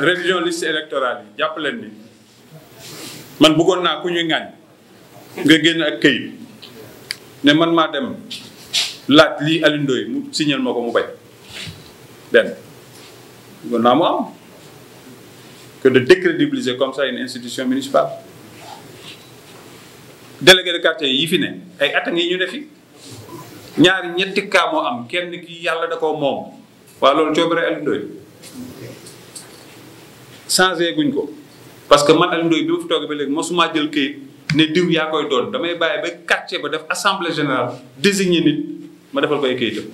révision liste électorale yi jàpp leen man bëggoon naa ku ñuy ŋañ nga génn ak këyit ne man maa dem laaj lii Alioune Ndoye mu signal ma ko mu bañ benn bëggoon naa mu am que de décrédibiliser comme ça une institution municipale délégué de quartier yi fi ne ay at ngi ñu ne fi ñaari ñetti cas am kenn ki yàlla da koo moom waa loolu coobare Alioune changé guñ ko parce que man Alioune Ndoye bi ma fi toogee ba léegi mosuma jël këyit ne diw yaa koy doon damay bàyyi ba quartier ba def assemblée générale désigné nit ma defal ko ay këyitam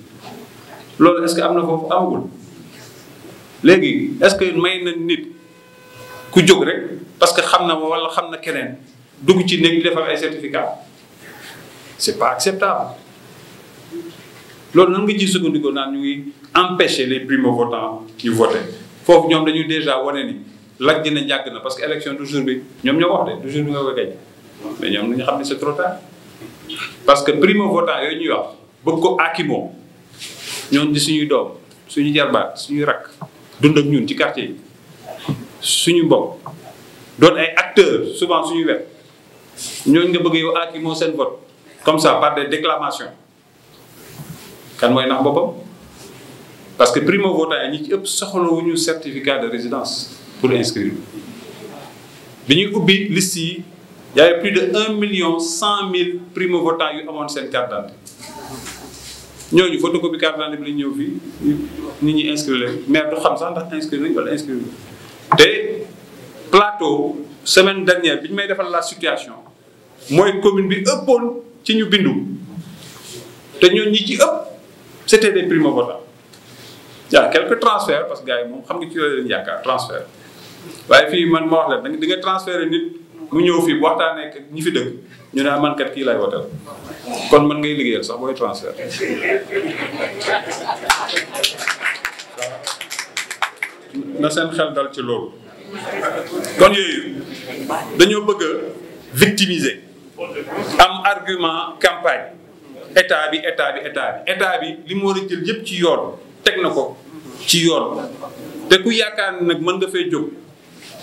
loolu est-ce que am na foofu amagul léegi est-ce que may na nit ku jóg rek parce que xam na ma wala xam na keneen dugg ci néeg di defal ay certificat c'est pas acceptable loolu nan nga ciy sukkandikoo naan ñu ngi empêcher les primo-votants ñu voter foofu ñoom dañuy dèjà wane ni laj dina njàgg na parce que élection du jour bi ñoom ñoo ko wax de du jour bi nga ko gañ mais ñoom nañu xam ne sa trop tard parce que primo votant yooyu ñuy wax bëgg ko akimoo ñoom di suñuy doom suñu jarbaat suñuy rakk dund ak ñun ci quartier yi suñu mbokk doon ay acteurs souvent suñu wet ñooñ nga bëgg yow akimoo seen vote comme ça par des déclamations kan mooy nax boppam parce que primo votant yi ñi ci ëpp wu ñu certificat de résidence pour inscrire bi ñuy ubbi liste yi y plus de un million cent mille primo votants yu amoon seen carte d'identité ñooñu photocopie carte d'identité bi la ñu ñëw fii nit ñi inscrire mais du xam sax ndax inscrire nañu wala inscrire te plateau semaine dernière bi ñu may defal la situation mooy commune bi ëppoon ci ñu bindu te ñooñu ñi ci ëpp c'était des primo votants waaw quelques transferts parce que gars yi moom xam nga ci la leen yaakaar transfert waaye fii man ma wax la da nga transféré nit mu ñëw fii bu waxtaanee nekk ñi fi dëkk ñu ne ah, man kat kii lay kon man ngay liggéeyal sax booy transfert. na seen xel dal ci loolu. bëgg a victimiser am argument campagne état bi état bi état bi état bi li mu war a jël yëpp ci yoon. teg na ko ci yoon te ku yaakaar ni nag mën nga fee jóg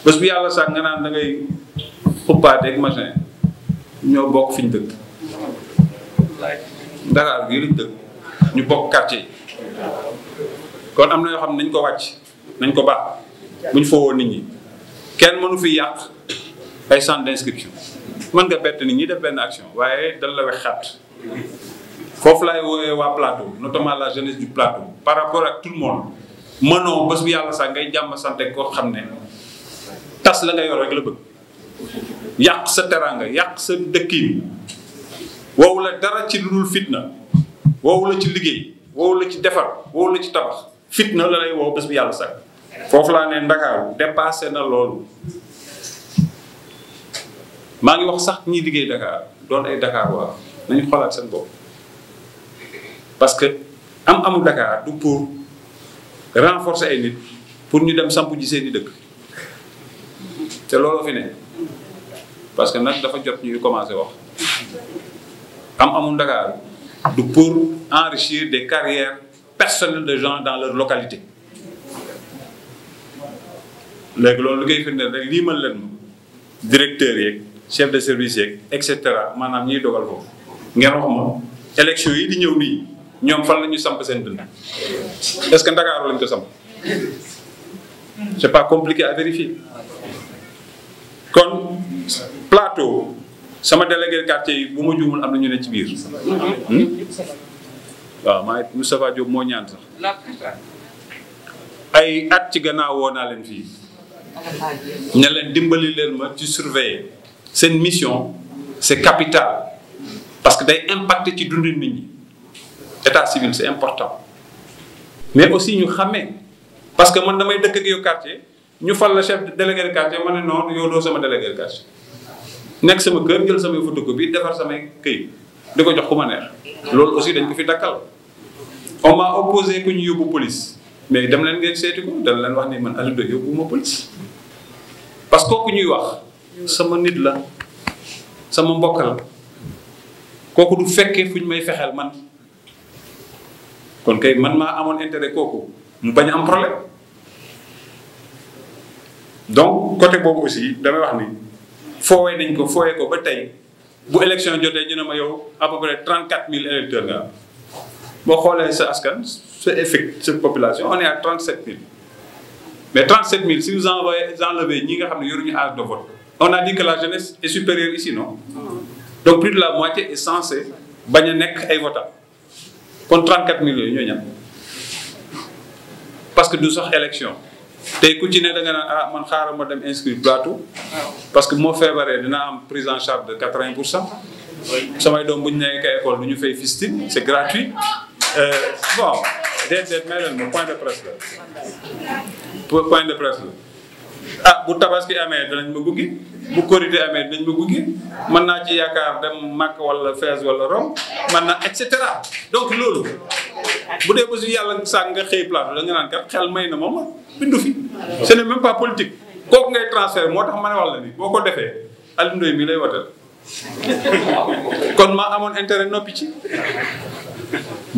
bés bu yàlla sax nga naan da ngay xuppaateeg machin ñoo bokk fi ñu dëkk Dakar gii lañ dëkk ñu bokk quartier yi kon am na yoo xam ne nañ ko wàcc nañ ko baax bu ñu fowoo nit ñi kenn mënu fi yàq ay centre d'inscription mën nga bett nit ñi def benn action waaye dal la xat foofu laay woowee waa plateau notamment la jeunesse du plateau par rapport ak tout le monde mënoo bés bu yàlla sax ngay jàmm sante koo xam ne tas la nga yor rek la bëgg yàq sa teraanga yàq sa dëkkiin woowu la dara ci lu fitna wow la ci liggéey wow la ci defar woowu la ci tabax fitna la lay woow bés bu yàlla sax foofu laa ne Ndakaaru dépassé na loolu maa ngi wax sax ñi liggéey Dakar doon ay Dakar waa nañu xoolaat seen bopp parce que am amu Dakar du pour renforcer ay nit pour ñu dem samp ji seen i dëkk te looloo fi ne parce que nag dafa jot ñuy commencé wax am amu Dakar du pour enrichir des carrières personnelles de gens dans leur localité léegi loolu lu koy firndeel rek lii man leen directeur yeeg chef de service yeeg et cetera maanaam ñiy dogal foofu ngeen wax ma élection yi di ñëw nii ñoom fan la ñu samp seen dund est-ce que Ndakaaru lañ ko samp c'est pas compliqué à vérifier kon plateau sama délégué quartier yi bu ma juumul am na ñu ne ci biir hmm? waaw maa Moustapha Diop moo ñaan sax ay at ci gannaaw woo naa leen fii ne leen dimbali leen ma ci surveiller seen mission c'est capital parce que day impacter ci dundu nit ñi état civil c'est important mais aussi ñu xàmmee parce que man damay dëkk ak yow quartier ñu fal la chef délégué de quartier ma ne yoo yow doo sama délégué de quartier nekk sama kër jël samay photocopie defar samay këyit di ko jox ku ma neex loolu aussi dañ ko fi dakka on m'a opposé ku ñu yóbbu police mais dem leen ngeen seeti dana leen wax ni man Aliou Ndoye ma police parce que kooku ñuy wax sama nit la sama mbokk la kooku du fekkee fu ñu may fexeel man kon kay man maa amoon intérêt kooku mu bañ am problème donc côté boobu aussi damay wax ni foowee nañ ko foowee ko ba tey bu élection jotee ñu ne ma yow à peu près 34 000 électeurs nga am boo xoolee sa askan sa effect sa population on est à 37 000 mais 37 000 si vous envoyez enlevez ñi nga xam ne yoruñu âge de vote on a dit que la jeunesse est supérieure ici no ah. donc plus de la moitié est censée bañ a nekk ay votants. kon 34 millions yi ñoo ñan parce que du sax élection te ku ci ne da naan ah, man xaaral ma dem inscrire plateau parce que moo feebaree dina am prise en charge de 80 pour cent samay doom bu ne nekk école du ñu fay fistine c'est gratuit euh, bon déedéet may leen ma point de presse la point de presse la ah bu tabaski amee danañ ma gungi bu korité amee dañ ma gungi mën naa ci yaakaar dem màkk wala fees wala rom mën na et cetera donc loolu bu dee bésu yàlla sàkk nga xëy plateau da naan kat xel may na moom bindu fi ce n'est même politique kooku ngay transfert moo tax ma ne wax la ni boo ko defee Alioune Ndoye lay watal kon maa amoon intérêt noppi ci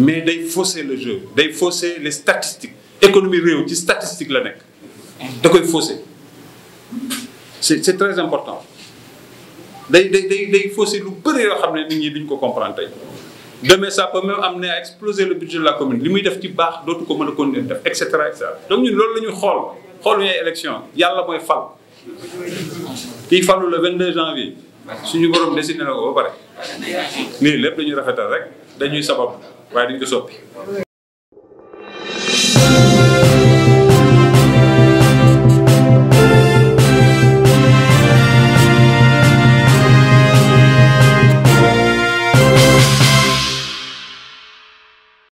mais day fausser le jeu day fausser les statistiques économie réew ci statistique la nekk da koy fausser c'est c'est très important day day day day faussé lu bëri yoo xam ne nit ñi duñ ko comprendre tey demain ça peut même amener à exploser le budget de la commune li muy def ci baax dootu ko mën a continuer def et cetera et cetera loolu la ñuy xool xool ñooy élection yàlla mooy fal kii falu le 22 janvier suñu borom dessiné na ko ba pare nii lépp dañuy rafetal rek dañuy sabab waaye duñ ko soppi